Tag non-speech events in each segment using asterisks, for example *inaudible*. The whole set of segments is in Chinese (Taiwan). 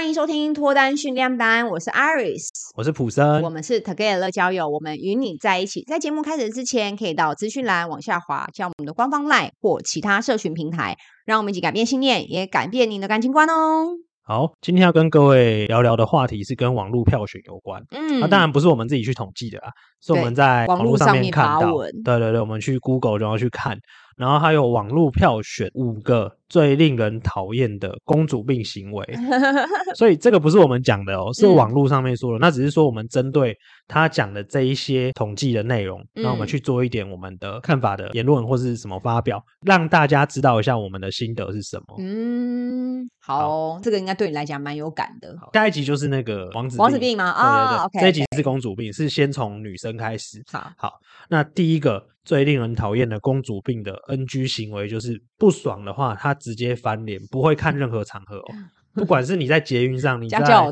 歡迎收聽脫單訓練班，我是 Iris，我是普森。我們是 Together 樂交友，我們與你在一起。在節目開始之前，可以到資訊欄往下滑，加我們的官方 LINE 或其他社群平台，讓我們一起改變信念，也改變您的感情觀哦。好，今天要跟各位聊聊的話題是跟網絡票選有關，嗯，那、啊、當然不是我們自己去統計的啦，是我們在網絡上面看到發文，對對對，我們去 Google 然後去看。然後還有網絡票選五個最令人討厭的公主病行為， *laughs* 所以這個不是我們講的哦，是網絡上面說的、嗯。那只是說我們針對他講的這一些統計的內容，然後、嗯、我們去做一點我們的看法的言論或是什麼發表，讓大家知道一下我們的心得是什麼。嗯，好，好，這個應該對你來講蠻有感的。下一集就是那個王子王子病嗎？啊、哦、這一集是公主病、哦 okay, okay，是先從女生開始。好，好，那第一個。最令人討厭的公主病的 NG 行為就是不爽的話，他直接翻臉，不會看任何場合哦、喔。不管是你在捷運上，你在哦，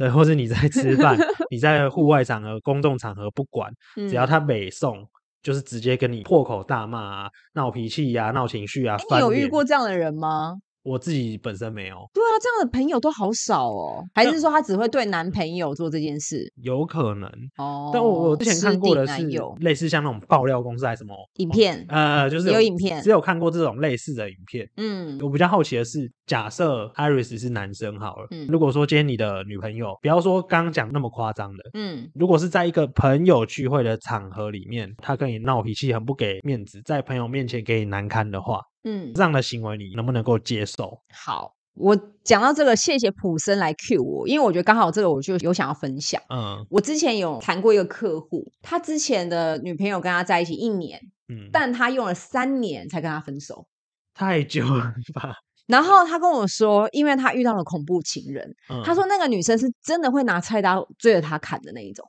對，或是你在吃飯，你在戶外場合、公眾場合，不管，只要他每送，就是直接跟你破口大罵、鬧脾氣呀、鬧情緒啊。欸、你有遇過這樣的人嗎？我自己本身沒有，對啊，這樣的朋友都好少哦。還是說他只會對男朋友做這件事？嗯，有可能哦。但我我之前看過的是類似像那種爆料公司還是什麼影片，哦，呃，就是有，有影片，只有看過這種類似的影片。嗯，我比較好奇的是，假設 Iris 是男生好了，嗯，如果說今天你的女朋友，不要說剛剛講那麼誇張的，嗯，如果是在一個朋友聚會的場合裡面，他跟你鬧脾氣，很不給面子，在朋友面前給你難堪的話，嗯，這樣的行為你能不能夠接受？好，我講到這個，謝謝普森來 cue 我，因為我覺得剛好這個我就有想要分享。嗯，我之前有談過一個客戶，他之前的女朋友跟他在一起一年，嗯，但他用了三年才跟他分手。太久了吧。然後他跟我說，因為他遇到了恐怖情人，嗯，他說那個女生是真的會拿菜刀追着他砍的那一種。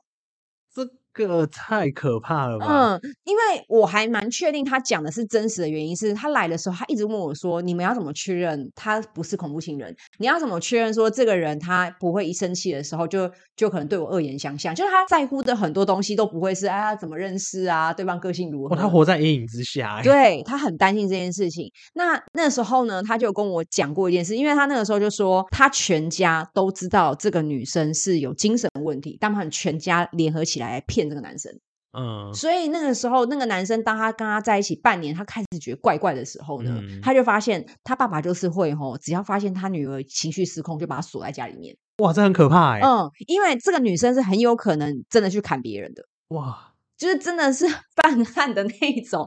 這個太可怕了吧！嗯，因為我還蠻確定他講的是真實的原因是他來的時候，他一直問我說：“你們要怎麼確認他不是恐怖情人？你要怎麼確認說這個人他不會一生氣的時候就就可能對我惡言相向？就是他在乎的很多東西都不會是、啊、他怎麼認識啊？對方個性如何？他活在陰影，影之下、欸，對，他很擔心這件事情。那那時候呢，他就跟我講過一件事，因為他那個時候就說他全家都知道這個女生是有精神的問題，他們全家聯合起來騙。”那、這個男生，嗯，所以那個時候，那個男生當他跟他在一起半年，他開始覺得怪怪的時候呢，嗯、他就發現他爸爸就是會吼、喔，只要發現他女兒情緒失控，就把他鎖在家裡面。哇，這很可怕哎。嗯，因為這個女生是很有可能真的去砍別人的。哇。就是真的是犯案的那一種。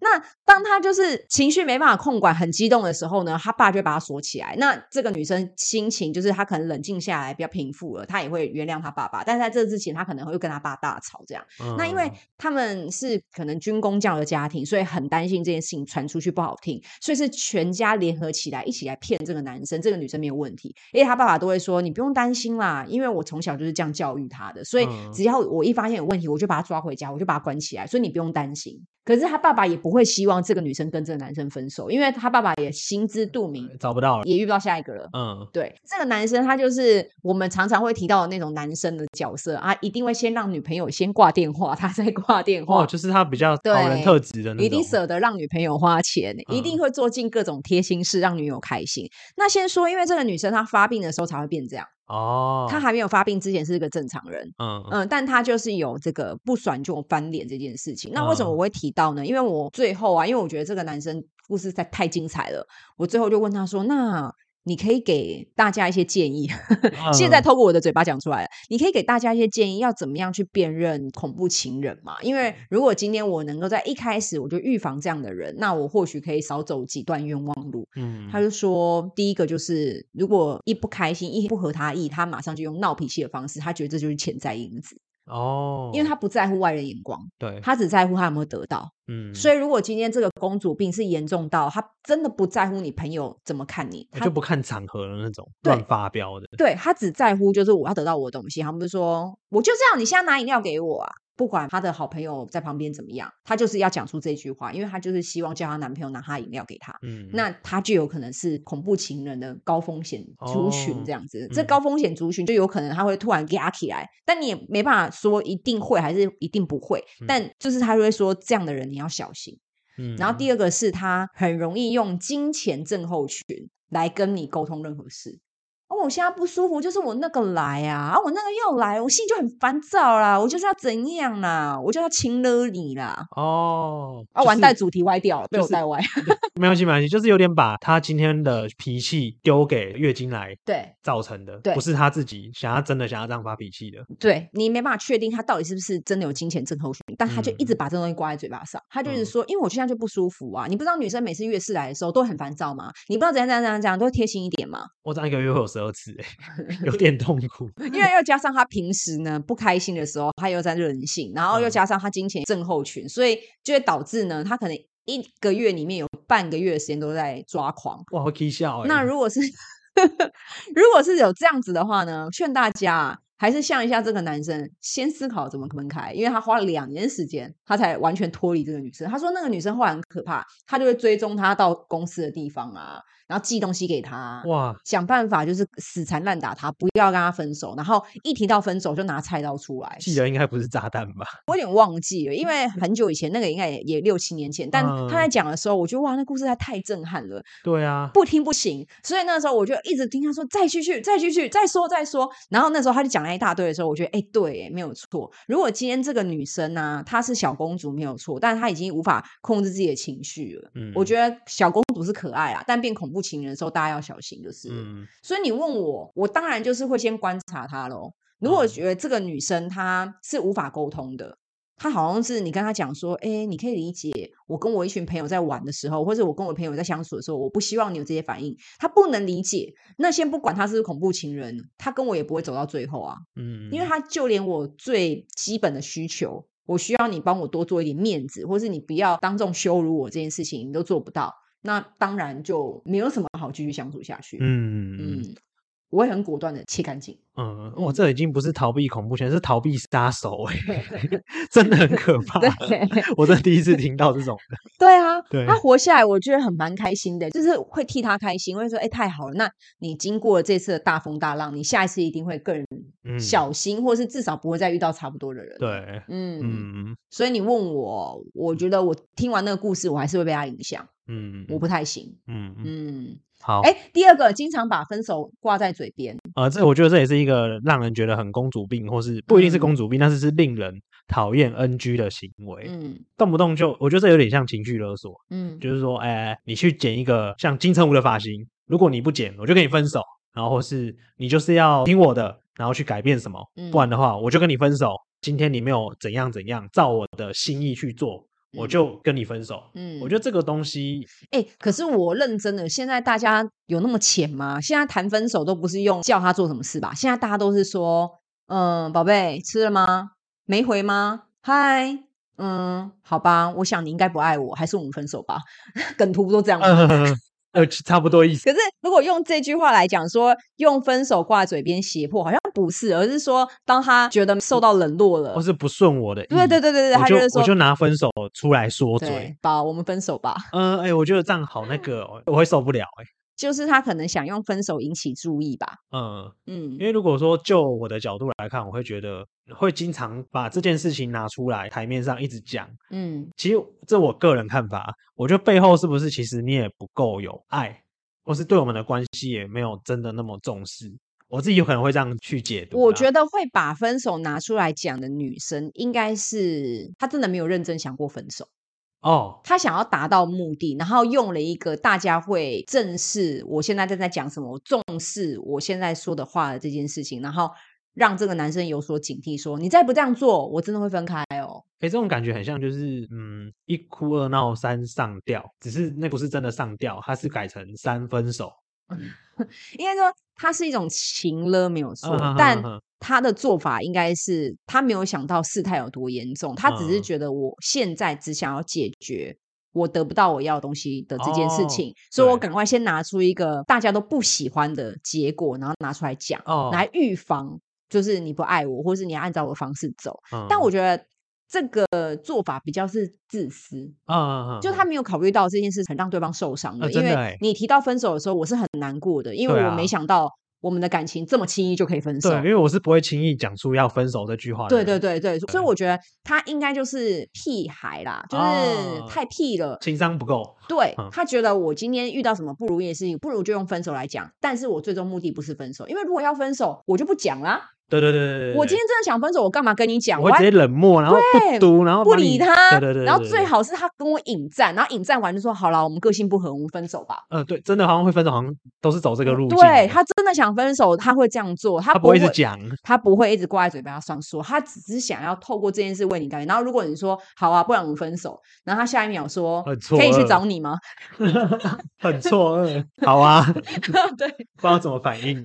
那當他就是情緒沒辦法控管，很激動的時候呢，他爸就把他鎖起來。那這個女生心情就是她可能冷靜下來，比較平復了，她也會原諒她爸爸。但是在這之前，她可能會跟她爸大吵這樣。那因為他們是可能軍公教育家庭，所以很擔心這件事情傳出去不好聽，所以是全家聯合起來一起來騙這個男生。這個女生沒有問題，因為他爸爸都會說：“你不用擔心啦，因為我從小就是這樣教育他的，所以只要我一發現有問題，我就把他抓回家。”我就把他關起來，所以你不用擔心。可是他爸爸也不會希望這個女生跟這個男生分手，因為他爸爸也心知肚明，找不到了，也遇不到下一個了。嗯，對，這個男生他就是我們常常會提到的那種男生的角色啊，一定會先讓女朋友先掛電話，他再掛電話，哦，就是他比較好人特質的那種，一定捨得讓女朋友花錢，一定會做盡各種貼心事，嗯，讓女友開心。那先說，因為這個女生她發病的時候才會變這樣。哦、oh.，他還沒有發病之前是一個正常人，嗯、uh. 嗯，但他就是有這個不爽就翻臉這件事情。那為什麼我會提到呢？Uh. 因為我最後啊，因為我覺得這個男生故事在太,太精彩了，我最後就問他說：“那。”你可以給大家一些建議？ *laughs* 現在透過我的嘴巴講出來了。你可以給大家一些建議，要怎麼樣去辨認恐怖情人嘛？因為如果今天我能夠在一開始我就預防這樣的人，那我或許可以少走幾段冤枉路。嗯，他就說，第一個就是如果一不開心，一不合他意，他馬上就用鬧脾氣的方式，他覺得這就是潛在因子。哦、oh，因為他不在乎外人眼光，對，他只在乎他有沒有得到。嗯，所以如果今天這個公主病是嚴重到，他真的不在乎你朋友怎麼看你，他、欸、就不看場合的那種，亂發飆的。對，他只在乎就是我要得到我的東西，他們就說我就這樣，你現在拿飲料給我啊！不管他的好朋友在旁邊怎麼樣，他就是要講出這句話，因為她就是希望叫她男朋友拿他飲料給她。嗯，嗯，那她就有可能是恐怖情人的高風險族群這樣子。哦嗯、這高風險族群就有可能他會突然壓起來，但你也沒辦法說一定會還是一定不會，嗯。但就是他就會說，這樣的人你要小心。嗯，然後第二個是他很容易用金錢症候群來跟你溝通任何事。哦，我現在不舒服，就是我那個來啊，啊我那個要來，我心裡就很煩躁啦，我就是要怎樣啦，我就要親了你啦。Oh, 哦，啊、就是，完蛋，主題歪掉了，對，被我帶歪 *laughs* 。沒關係，沒關係，就是有點把他今天的脾氣丟給月經來，對造成的對，不是他自己想要真的想要這樣發脾氣的。對，你沒辦法確定他到底是不是真的有經前症候群，但他就一直把這東西掛在嘴巴上，嗯、他就是說，因為我現在就不舒服啊，你不知道女生每次月事來的時候都很煩躁嗎？你不知道怎樣怎樣怎樣怎樣都會貼心一點嗎？我上一個月會有。奢侈，有點痛苦，因為要加上他平時呢不開心的時候，他又在任性，然後又加上他金錢症候群，所以就會導致呢，他可能一個月裡面有半個月的時間都在抓狂。哇，好搞笑欸！那如果是呵呵，如果是有這樣子的話呢，勸大家，還是像一下這個男生，先思考怎麼分開，因為他花了兩年時間，他才完全脫離這個女生。他說那個女生後來很可怕，他就會追蹤他到公司的地方啊，然後寄東西給他，哇，想辦法就是死纏爛打他，不要跟他分手。然後一提到分手，就拿菜刀出來。記得應該不是炸彈吧？我有點忘記了，因為很久以前那個應該也也六七年前。但他在講的時候，嗯，我覺得哇，那故事太太震撼了。對啊，不聽不行。所以那時候我就一直聽他說，再繼續，再繼續，再繼續，再說再說。然後那時候他就講了。來一大堆的時候，我覺得哎、欸，對，沒有錯。如果今天這個女生呢、啊，她是小公主，沒有錯，但是她已經無法控制自己的情緒了。嗯，我覺得小公主是可愛啊，但變恐怖情人的時候，大家要小心，就是。嗯，所以你問我，我當然就是會先觀察她嘍。如果覺得這個女生她是無法溝通的。嗯嗯他好像是你跟他講說，哎、欸，你可以理解我跟我一群朋友在玩的時候，或者我跟我朋友在相處的時候，我不希望你有這些反應。他不能理解，那先不管他是恐怖情人，他跟我也不會走到最後啊。嗯，因為他就連我最基本的需求，我需要你幫我多做一點面子，或是你不要當眾羞辱我這件事情，你都做不到。那當然就沒有什麼好繼續相處下去。嗯嗯。我會很果斷的切乾淨。嗯，我這已經不是逃避恐怖圈，是逃避殺手、欸， *laughs* *laughs* 真的很可怕。對，我這第一次聽到這種。對啊, *laughs* 對啊 *laughs* 對，他活下來，我覺得很蠻開心的，就是會替他開心，會說，哎，太好了，那你經過這次的大風大浪，你下一次一定會更小心、嗯，或是至少不會再遇到差不多的人。對嗯，嗯，所以你問我，我覺得我聽完那個故事，我還是會被他影響。嗯，我不太行。嗯嗯。嗯好，哎、欸，第二個經常把分手掛在嘴邊，呃，這個、我覺得這也是一個讓人覺得很公主病，或是不一定是公主病，嗯、但是是令人討厭 NG 的行為。嗯，動不動就我覺得這有點像情緒勒索。嗯，就是說，哎、欸，你去剪一個像金城武的髮型，如果你不剪，我就跟你分手。然後或是你就是要聽我的，然後去改變什麼，嗯、不然的話我就跟你分手。今天你沒有怎樣怎樣，照我的心意去做。我就跟你分手。嗯，我覺得這個東西、欸，誒可是我認真的。現在大家有那麼淺嗎？現在談分手都不是用叫他做什麼事吧？現在大家都是說，嗯，寶貝，吃了嗎？沒回嗎？嗨，嗯，好吧，我想你應該不愛我，還是我們分手吧。梗圖不都這樣嗎？嗯嗯嗯呃，差不多意思。可是，如果用這句話來講，說用分手掛嘴邊脅迫，好像不是，而是說，當他覺得受到冷落了，或、哦、是不順我的意，對對對對對，就他就我就拿分手出來說嘴，把我們分手吧。嗯、呃，哎、欸，我覺得這樣好那個，我會受不了、欸 *laughs* 就是他可能想用分手引起注意吧。嗯嗯，因為如果說就我的角度來看，我會覺得會經常把這件事情拿出來台面上一直講。嗯，其實這我個人看法，我覺得背後是不是其實你也不夠有愛，或是對我們的關係也沒有真的那麼重視。我自己有可能會這樣去解讀啊。我覺得會把分手拿出來講的女生，應該是她真的沒有認真想過分手。哦、oh,，他想要達到目的，然後用了一個大家會正視我現在正在講什麼，我重視我現在說的話的這件事情，然後讓這個男生有所警惕說，說你再不這樣做，我真的會分開哦、喔。哎、欸，這種感覺很像就是，嗯，一哭二鬧三上吊，只是那不是真的上吊，它是改成三分手。 *laughs* 應該說，它是一種情了沒有錯，oh, 但、huh,。Huh, huh. 他的做法應該是他沒有想到事態有多嚴重，他只是覺得我現在只想要解決我得不到我要的東西的這件事情、哦，所以我趕快先拿出一個大家都不喜歡的結果，然後拿出來講，哦、來預防就是你不愛我，或是你要按照我的方式走、嗯。但我覺得這個做法比較是自私、嗯嗯嗯、就他沒有考慮到這件事情很讓對方受傷的、啊真的欸，因為你提到分手的時候，我是很難過的，因為我沒想到。我們的感情這麼輕易就可以分手？對，因為我是不會輕易講出要分手這句話的。對對對對，對，所以我覺得他應該就是屁孩啦，啊、就是太屁了，情商不夠。對、嗯、他覺得我今天遇到什麼不如意的事情，不如就用分手來講。但是我最終目的不是分手，因為如果要分手，我就不講啦。對對對，對我今天真的想分手，我幹嘛跟你講？我會直接冷漠，然後不讀，然後不理他。對，對對對，然後最好是他跟我引戰，然後引戰完就說好了，我們個性不合，我們分手吧。嗯，對，真的好像會分手，好像都是走這個路線。對，他真的想分手，他會這樣做。他不會一直講，他不會一直掛在嘴巴上說，他只是想要透過這件事為你改變。然後如果你說好啊，不然我們分手，然後他下一秒說可以去找你嗎？ *laughs* 很錯愕，好啊， *laughs* *laughs* 對，不知道怎麼反應。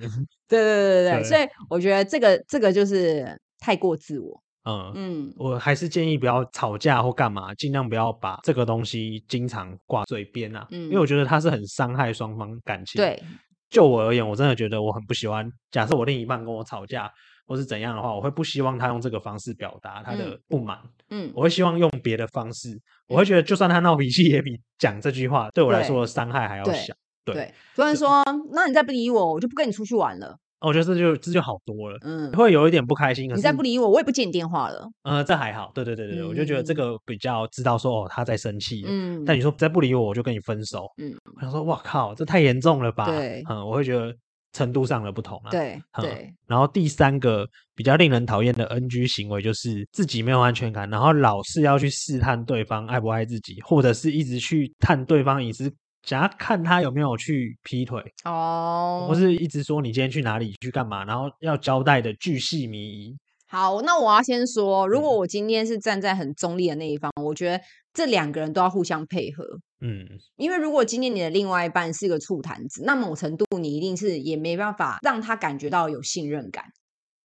對對對對對，所以我覺得這個這個就是太過自我。嗯嗯，我還是建議不要吵架或幹嘛，盡量不要把這個東西經常掛嘴邊啊。嗯，因為我覺得它是很傷害雙方感情。對，就我而言，我真的覺得我很不喜歡。假設我另一半跟我吵架或是怎樣的話，我會不希望他用這個方式表達他的不滿。嗯，我會希望用別的方式。嗯，我會覺得，就算他鬧脾氣，也比講這句話對我來說的傷害還要小。對，所以說，那你再不理我，我就不跟你出去玩了。我覺得這就這就好多了，嗯，會有一點不開心。你再不理我，我也不接你電話了。呃，這還好，對對對對對、嗯，我就覺得這個比較知道說哦，他在生氣。嗯，但你說再不理我，我就跟你分手。嗯，我想說，哇靠，這太嚴重了吧？對，嗯，我會覺得程度上的不同了、啊。對、嗯，對。然後第三個比較令人討厭的 NG 行為就是自己沒有安全感，然後老是要去試探對方愛不愛自己，或者是一直去探對方隱私。想要看他有沒有去劈腿哦，不、oh. 是一直說，你今天去哪裡去幹嘛，然後要交代的巨細靡遺。好，那我要先說，如果我今天是站在很中立的那一方，嗯、我覺得這兩個人都要互相配合。嗯，因為如果今天你的另外一半是個醋壇子，那某程度你一定是也沒辦法讓他感覺到有信任感。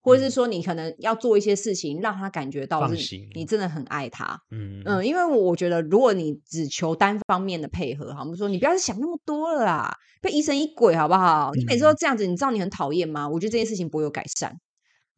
或者是說，你可能要做一些事情，讓他感覺到你真的很愛他，嗯嗯，因為我覺得，如果你只求單方面的配合，哈，我們說，你不要想那麼多了啦，別疑神疑鬼，好不好、嗯？你每次都這樣子，你知道你很討厭嗎？我覺得這件事情不會有改善，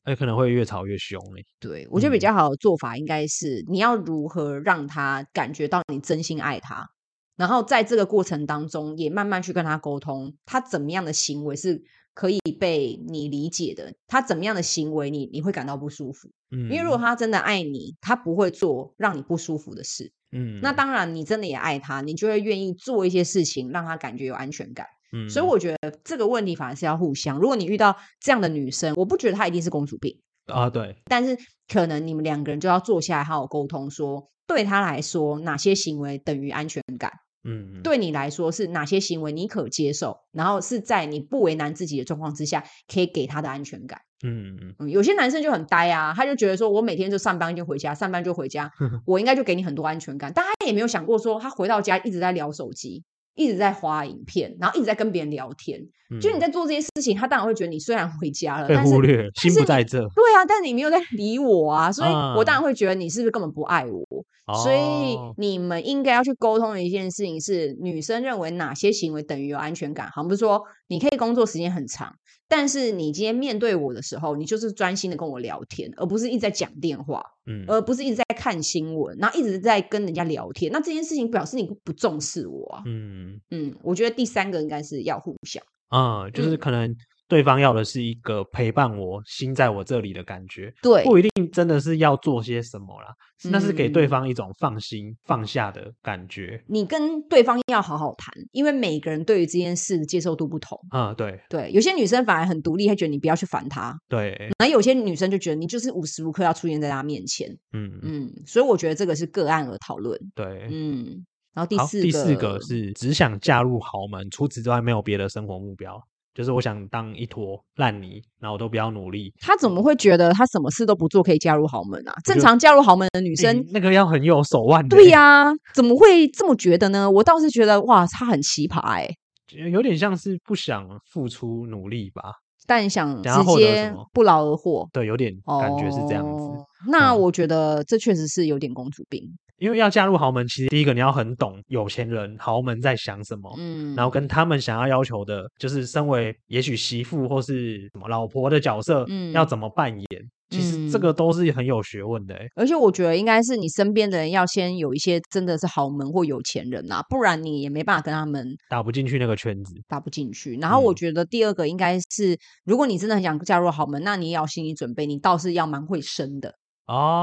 哎、欸，可能會越吵越凶你、欸、對，我覺得比較好的做法，應該是你要如何讓他感覺到你真心愛他，然後在這個過程當中，也慢慢去跟他溝通，他怎麼樣的行為是。可以被你理解的，他怎麼樣的行為你，你你會感到不舒服。嗯，因為如果他真的愛你，他不會做讓你不舒服的事。嗯，那當然，你真的也愛他，你就會願意做一些事情讓他感覺有安全感。嗯，所以我覺得這個問題反而是要互相。如果你遇到這樣的女生，我不覺得她一定是公主病啊，對。但是可能你們兩個人就要坐下來好好溝通說，說對她來說哪些行為等於安全感。嗯，對你來說是哪些行為你可接受？然後是在你不為難自己的狀況之下，可以給他的安全感。嗯嗯，有些男生就很呆啊，他就覺得說，我每天就上班就回家，上班就回家，我應該就給你很多安全感。 *laughs* 但他也沒有想過說，他回到家一直在聊手機，一直在滑影片，然後一直在跟別人聊天、嗯。就你在做這些事情，他當然會覺得你雖然回家了，被忽略但是，心不在這。對啊，但你沒有在理我啊，所以我當然會覺得你是不是根本不愛我。Oh. 所以你們應該要去溝通的一件事情是，女生認為哪些行為等於有安全感。好像不是說你可以工作時間很長，但是你今天面對我的時候，你就是專心的跟我聊天，而不是一直在講電話，嗯，而不是一直在看新聞，然後一直在跟人家聊天，那這件事情表示你不重視我啊，嗯嗯，我覺得第三個應該是要互相，啊、uh,，就是可能。嗯對方要的是一個陪伴我，心在我這裡的感覺，對，不一定真的是要做些什麼啦。嗯、那是給對方一種放心放下的感覺。你跟對方要好好談，因為每個人對於這件事的接受度不同。啊、嗯，對，對，有些女生反而很獨立，她覺得你不要去煩她。對，而有些女生就覺得你就是無時無刻要出現在她面前。嗯嗯，所以我覺得這個是個案而討論。對，嗯，然後第四，第四個是只想嫁入豪門，除此之外沒有別的生活目標。就是我想當一坨爛泥，然後我都不要努力。他怎麼會覺得他什麼事都不做可以嫁入豪門啊？正常嫁入豪門的女生，欸、那個要很有手腕的、欸。對呀、啊，怎麼會這麼覺得呢？我倒是覺得哇，她很奇葩哎、欸。有點像是不想付出努力吧，但想直接不勞而獲。對，有點感覺是這樣子。Oh, 嗯、那我覺得這確實是有點公主病。因為要嫁入豪門，其實第一個你要很懂有錢人豪門在想什麼，嗯，然後跟他們想要要求的，就是身為也許媳婦或是什麼老婆的角色，嗯，要怎麼扮演，其實這個都是很有學問的欸。而且我覺得應該是你身邊的人要先有一些真的是豪門或有錢人吶、啊，不然你也沒辦法跟他們打不進去那個圈子，打不進去。然後我覺得第二個應該是，如果你真的很想嫁入豪門，那你也要心理準備，你倒是要蠻會生的。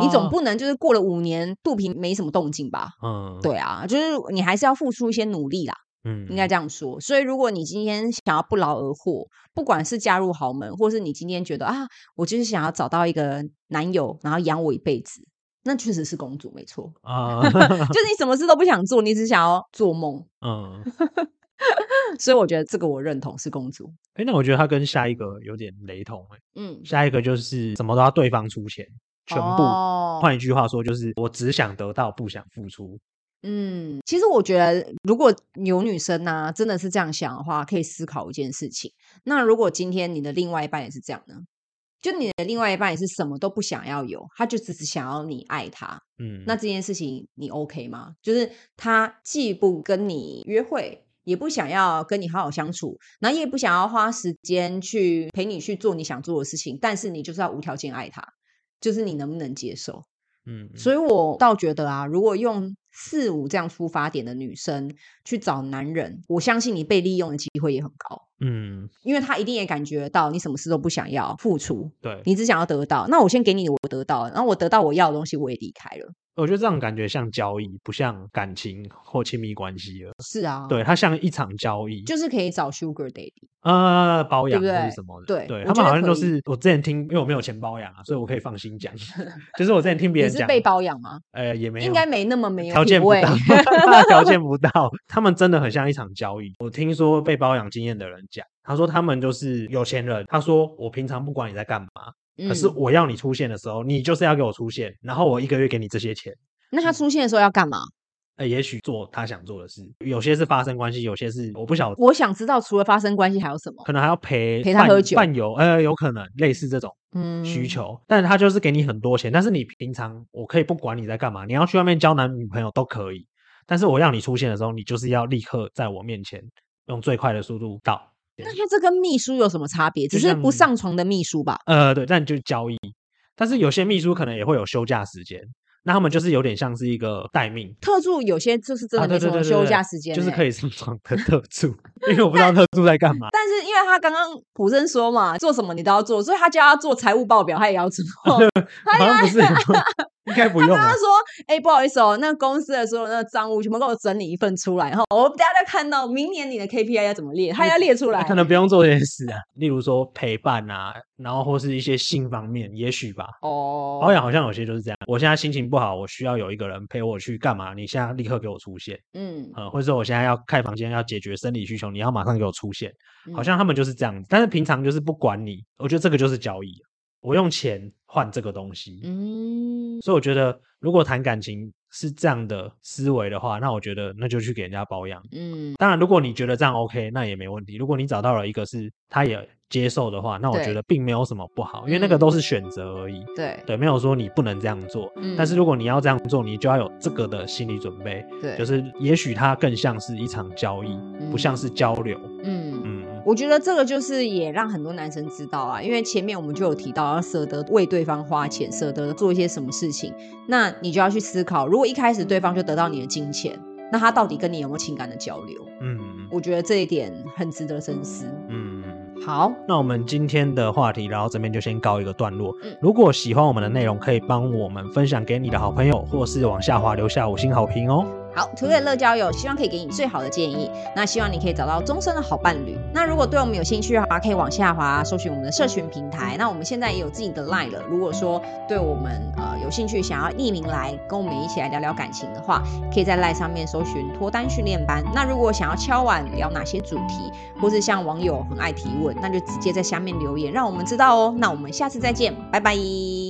你總不能就是過了五年肚皮沒什麼動靜吧？嗯，對啊，就是你還是要付出一些努力啦。嗯，應該這樣說。所以如果你今天想要不勞而獲，不管是嫁入豪門，或是你今天覺得啊，我就是想要找到一個男友，然後養我一輩子，那確實是公主沒錯啊。嗯、 *laughs* 就是你什麼事都不想做，你只想要做夢。嗯， *laughs* 所以我覺得這個我認同是公主。哎、欸，那我覺得他跟下一個有點雷同、欸。哎，嗯，下一個就是什麼都要對方出錢。全部換一句話說，就是我只想得到，不想付出。嗯，其實我覺得，如果有女生吶、啊，真的是這樣想的話，可以思考一件事情。那如果今天你的另外一半也是這樣呢？就你的另外一半也是什麼都不想要有，他就只是想要你愛他。嗯，那這件事情你 OK 嗎？就是他既不跟你約會，也不想要跟你好好相處，那也不想要花時間去陪你去做你想做的事情，但是你就是要無條件愛他。就是你能不能接受？嗯，嗯，所以我倒覺得啊，如果用四五這樣出發點的女生去找男人，我相信你被利用的機會也很高。嗯，因為他一定也感覺到你什麼事都不想要付出，對，你只想要得到。那我先給你，我得到，然後我得到我要的東西，我也離開了。我覺得這種感覺像交易，不像感情或親密關係了。是啊，對，它像一場交易，就是可以找 sugar daddy，呃，包養對不對？還是什麼的？對，對，他們好像都是，就是我之前聽，因為我沒有錢包養，所以我可以放心講， *laughs* 就是我之前聽別人講 *laughs* 被包養嗎？呃，也沒，應該沒那麼沒有條件不到，條 *laughs* *laughs* 件不到，他們真的很像一場交易。 *laughs* 我聽說被包養經驗的人。他說：“他們就是有錢人。”他說：“我平常不管你在幹嘛，嗯，可是我要你出現的時候，你就是要給我出現。然後我一個月給你這些錢。那他出現的時候要幹嘛？嗯，欸，也許做他想做的事。有些是發生關係，有些是我不曉得。我想知道，除了發生關係還有什麼？可能還要陪陪他喝酒，伴遊呃，有可能類似這種需求。嗯，但是他就是給你很多錢，但是你平常我可以不管你在幹嘛，你要去外面交男女朋友都可以。但是我要你出現的時候，你就是要立刻在我面前用最快的速度到。”那他這跟秘書有什麼差別？只是不上床的秘書吧？呃，對，但就交易。但是有些秘書可能也會有休假時間，那他們就是有點像是一個待命特助。有些就是真的沒什麼休假時間，欸啊，就是可以上床的特助， *laughs* 因為我不知道特助在幹嘛但。但是因為他剛剛普森說嘛，做什麼你都要做，所以他叫他做財務報表，他也要做。好、啊、像不是。 *laughs* 應該不用。他說：“哎、欸，不好意思哦、喔，那公司的所有那賬務全部給我整理一份出來哈。然後我等下再看到明年你的 KPI 要怎麼列，他要列出來。可能不用做這件事啊， *laughs* 例如說陪伴啊，然後或是一些性方面，也許吧。哦，好像好像有些就是這樣。我現在心情不好，我需要有一個人陪我去幹嘛？你現在立刻給我出現。嗯，呃、嗯，或者說我現在要開房間要解決生理需求，你要馬上給我出現。好像他們就是這樣子、嗯，但是平常就是不管你。我覺得這個就是交易。”我用錢換這個東西，嗯，所以我覺得如果談感情是這樣的思維的話，那我覺得那就去給人家包養，嗯，當然如果你覺得這樣 OK，那也沒問題。如果你找到了一個是他也接受的話，那我覺得並沒有什麼不好，因為那個都是選擇而已，對、嗯、對，沒有說你不能這樣做，嗯，但是如果你要這樣做，你就要有這個的心理準備，對、嗯，就是也許它更像是一場交易，嗯，不像是交流，嗯。我覺得這個就是也讓很多男生知道啊，因為前面我們就有提到要捨得為對方花錢，捨得做一些什麼事情，那你就要去思考，如果一開始對方就得到你的金錢，那他到底跟你有沒有情感的交流？嗯，我覺得這一點很值得深思。嗯嗯。好，那我們今天的話題，然後這邊就先告一個段落。嗯，如果喜歡我們的內容，可以幫我們分享給你的好朋友，或是往下滑留下五星好評哦。好，Together 樂交友，希望可以給你最好的建議。那希望你可以找到終身的好伴侶。那如果對我們有興趣的話，可以往下滑，搜尋我們的社群平台。那我們現在也有自己的 LINE 了。如果說對我們呃有興趣，想要匿名來跟我們一起來聊聊感情的話，可以在 LINE 上面搜尋脫單訓練班。那如果想要敲碗聊哪些主題，或是像網友很愛提問，那就直接在下面留言，讓我們知道哦。那我們下次再見，拜拜。